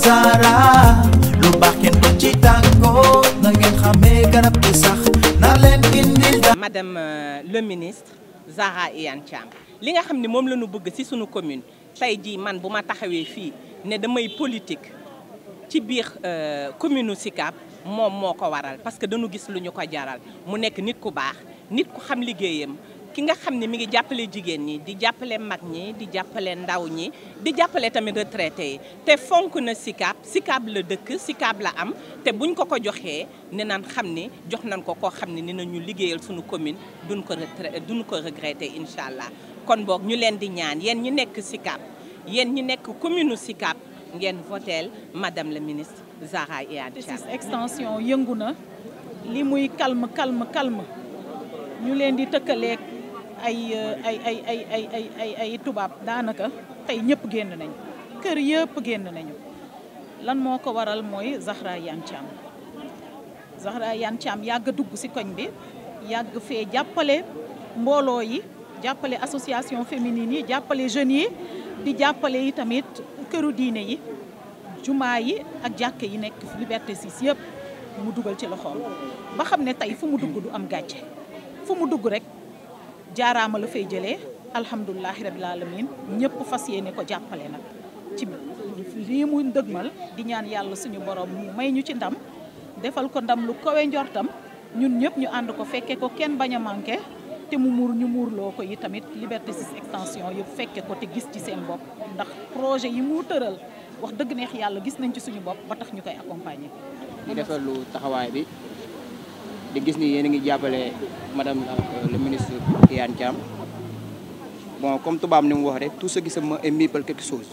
Zara lu baax kenn ko ci tàggoo na ngeen garab gi sax na leen indil da madame euh, le ministre Zahra Iyane Thiam li nga xam ne moom la bëgg ci suñu commune say jii man bu ma taxawee fii ne damay politique ci biir euh, commune Sicap moom moo ko waral parce que dañu gis lu ñu ko jaral mu nekk nit ku baax nit ku xam liggéeyam ki nga xam ne mi ngi jàppale jigéen ñi di jàppale mag ñi di jàppale ndaw ñi di jàppale tamit retraité yi te fonk na SICAP SICAP la dëkk SICAP la am te buñ ko ko joxee ne naan xam ni jox nañ ko koo xam ne ni nañu liggéeyal suñu commune du ko retraité duñ ko regretté incha allah kon boog ñu leen di ñaan yéen ñu nekk SICAP yéen ñu nekk commune SICAP ngeen voteel madame la ministre Zahra Iyane Thiam extension yëngu na li muy calme calme calme ñu leen di tëkkaleeg ay ay ay ay ay ay ay ay tubaab daanaka tey ñëpp génn nañu kër yëpp génn nañu lan moo ko waral mooy Zahra Iyane Thiam Zahra Iyane Thiam yàgg a dugg ci koñ bi yàgg fee jàppale mbooloo yi jàppale association féminine yi jàppale jeunes yi di jàppale yi tamit këru diine yi jumaa yi ak jàkke yi nekk Liberté 6 yëpp mu dugal ci loxoom ba xam ne tey fu mu dugg du am gàcce fu mu dugg rek jaaraama la fay jëlee alhamdulilahi rabil alamin ñëpp fas yéene ko jàppale nag ci lii mu dëgmal di ñaan yàlla suñu borom mu may ñu ci ndam defal ko ndam lu kawe njortam ñun ñëpp ñu ànd ko fekke ko kenn bañ a manqué te mu muur ñu muurloo ko yi tamit liberté 6 extension yëpp fekke ko te gis ci seen bopp ndax projet yi mu tëral wax dëgg neex yàlla gis nañ ci suñu bopp ba tax ñu koy accompagner. ñu defal lu taxawaay bi. di gis ni yéen a ngi jàppale madame euh, le ministre Iyane Thiam bon comme tubaab ni mu wax rek tout ce qui se met est mieux que quelque chose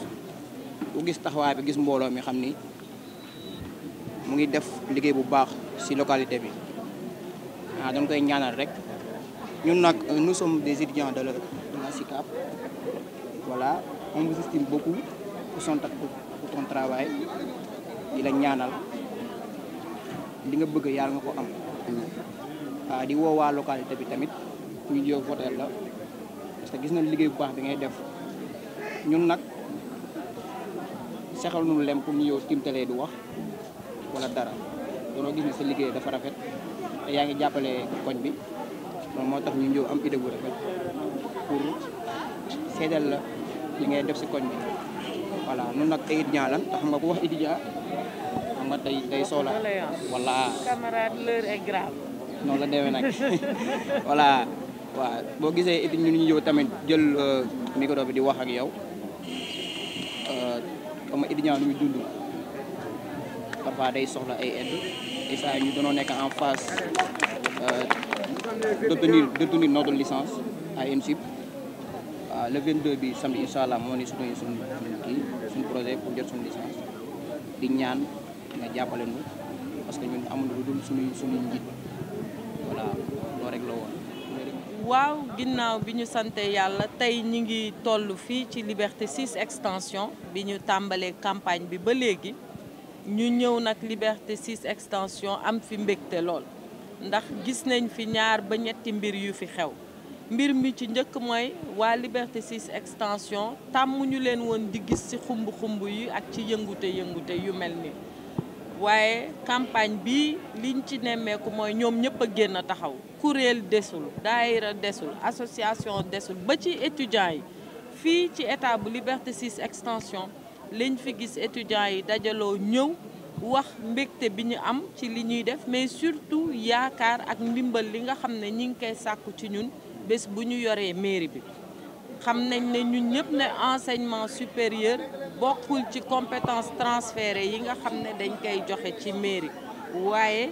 ku gis taxawaay bi gis mbooloo mi xam ni mu ngi def liggéey bu baax ci localité bi ah dañ koy ñaanal rek ñun nag euh, nous sommes des étudiants de la de la SICAP voilà on vous estime di la ñaanal li nga bëgg yàlla nga ko am. waaw ah, di woo waa localité bi tamit ñu jóg voter la parce gis nañ liggéey bu baax bi ngay def ñun nag sexal nu lem pour ñu yow timtalee du wax wala dara doonoo gis ne sa liggéey dafa rafet yaa ngi jàppale koñ bi moom moo tax ñu ñëw am idée bu rafet pour seedal la li ngay def si koñ bi voilà nun nag ay étudiant lan te xam nga ku wax étudiant xam nga tey noonu la demee nag voilà waaw boo gisee it ñu ñëw tamit jël euh, micro bi di wax ak yow comme euh, étudiant ñuy dund parfois day soxla ay aide et ça ñu doonoo nekk en phase euh, d'obtenir d'obtenir notre licence à INSIP waaw le 22 bi samedi incha allah moo ni suñu suñu kii projet pour jot suñu licence di ñaan nga jàppale nu parce que ñun amul lu dul suñuy suñuy waaw ginnaaw bi ñu sante yàlla tey ñi ngi toll fii ci Liberté 6 extension bi ñu tàmbalee campagne bi ba léegi ñu ñëw nag Liberté 6 extension am fi mbégte lool ndax gis nañ fi ñaar ba ñetti mbir yu fi xew mbir mi ci njëkk mooy waa Liberté 6 extension tàmm ñu leen woon di gis ci xumb-xumb yi ak ci yëngute yëngute yu mel ni waaye campagne bi liñ ci nemmeeku mooy ñoom ñëpp a génn taxaw kuréel desul daayira desul association desul ba ci étudiants yi fii ci état bu Liberté 6 extension liñ fi gis étudiants yi dajaloo ñëw wax mbégte bi ñu am ci li ñuy def mais surtout yaakaar ak ndimbal li nga xam ne ñi ngi koy sàkku ci ñun bés bu ñu yoree mairie bi xam nañ ne ñun ñëpp ne enseignement supérieur bokkul ci compétence transférée yi nga xam ne dañ koy joxe ci mairie waaye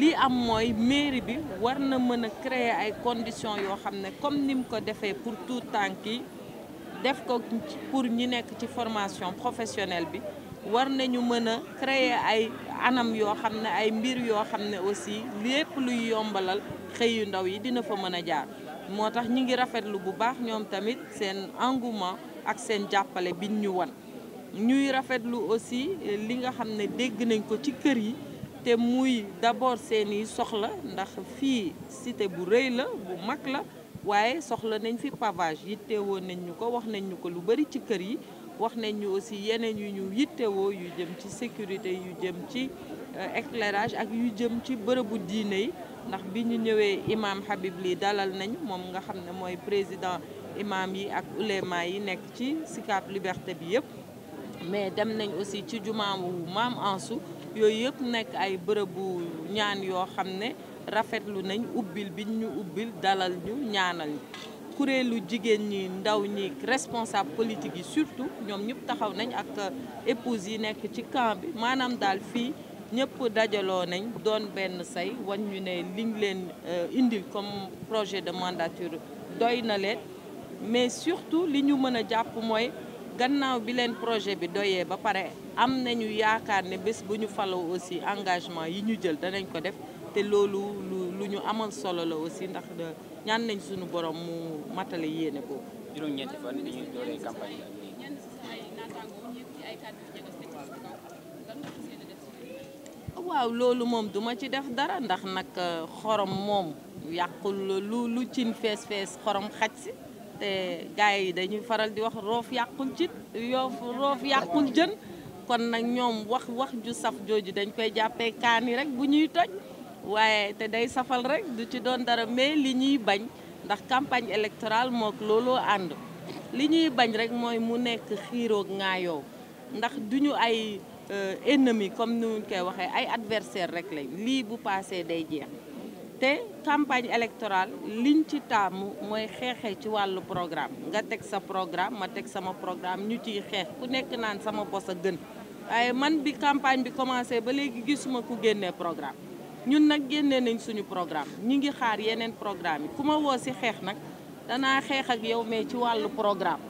lii am mooy mairie bi war na mën a créer ay conditions yoo xam ne comme ni mu ko defee pour tout tànk yi def ko pour ñi nekk ci formation professionnelle bi war nañu mën a créer ay anam yoo xam ne ay mbir yoo xam ne aussi lépp luy yombalal xëyu ndaw yi dina fa mën a jaar moo tax ñu ngi rafetlu bu baax ñoom tamit seen engouement ak seen jàppale biñ ñu wan ñuy rafetlu aussi li nga xam ne dégg nañ ko ci kër yi te muy d'abord seeni soxla ndax fii cité bu rëy la bu mag la waaye soxla nañ fi pavage yittewoo nañ ñu ko wax nañ ñu ko lu bari ci kër yi wax nañ ñu aussi yeneen yu ñu yittewoo yu jëm ci sécurité yu jëm ci euh, éclairage ak yu jëm ci bërëbu diine yi ndax bi ñu ñëwee imam Habib lii dalal nañu moom nga xam ne mooy président imam yi ak ulema yi nekk ci Sicap Liberté bi yëpp mais dem nañ aussi ci jumaa wu maam Ansu yooyu yëpp nekk ay bërëbu ñaan yoo xam ne rafetlu nañ ubbil bi ñu ubbil dalal ñu ñaanal ñu kuréelu jigéen ñi ndaw ñi responsable politique yi surtout ñoom ñëpp taxaw nañ ak épouse yi nekk ci camp bi maanaam daal fii ñëpp dajaloo nañ doon benn say wañ ñu ne liñ leen euh, indil comme projet de mandature doy na leen mais surtout li ñu mën a jàpp mooy gannaaw bi leen projet bi doyee ba pare am nañu yaakaar ne bés bu ñu faloo aussi engagement yi ñu jël danañ ko def te loolu lu lu ñu amal solo la aussi ndax ñaan nañ sunu borom mu matale yéene boobu. juróom-ñeenti waaw loolu moom duma ci def dara ndax nag euh, xorom moom yàqul lu lu cin fees fees xorom xaj si te gars yi dañuy faral di wax roof yàqul cin yoof roof jën kon nag ñoom wax wax ju saf jooju dañ koy jàppee kaani rek bu ñuy toj waaye te day safal rek du ci doon dara mais li ñuy bañ ndax campagne électorale mook looloo ànd li ñuy bañ rek mooy mu nekk xiiroog ngaayoo ndax duñu ay Euh, ennemi comme ni ñu koy waxee ay adversaire rek lañ lii bu paasee day jeex te campagne électorale liñ ci taamu mooy xeexee ci wàllu programme nga teg sa programme ma teg sama programme ñu ciy xeex ku nekk naan sama bos a gën waaye man bi campagne bi commencé ba léegi gisuma ku génnee programme ñun nag génnee nañ suñu programme ñi ngi xaar yeneen programme yi ku ma woo si xeex nag danaa xeex ak yow mais ci wàllu programme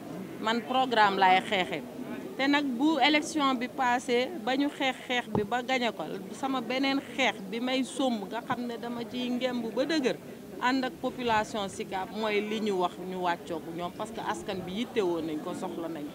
man programme lay xeexee te nag bu élection bi paasee ba ñu xeex xeex bi ba gañe ko sama beneen xeex bi may somb nga xam ne dama ciy ngemb ba dëgër ànd ak population Sicap mooy li ñu wax ñu wàccoog ñoom parce que askan bi woon nañ ko soxla nañu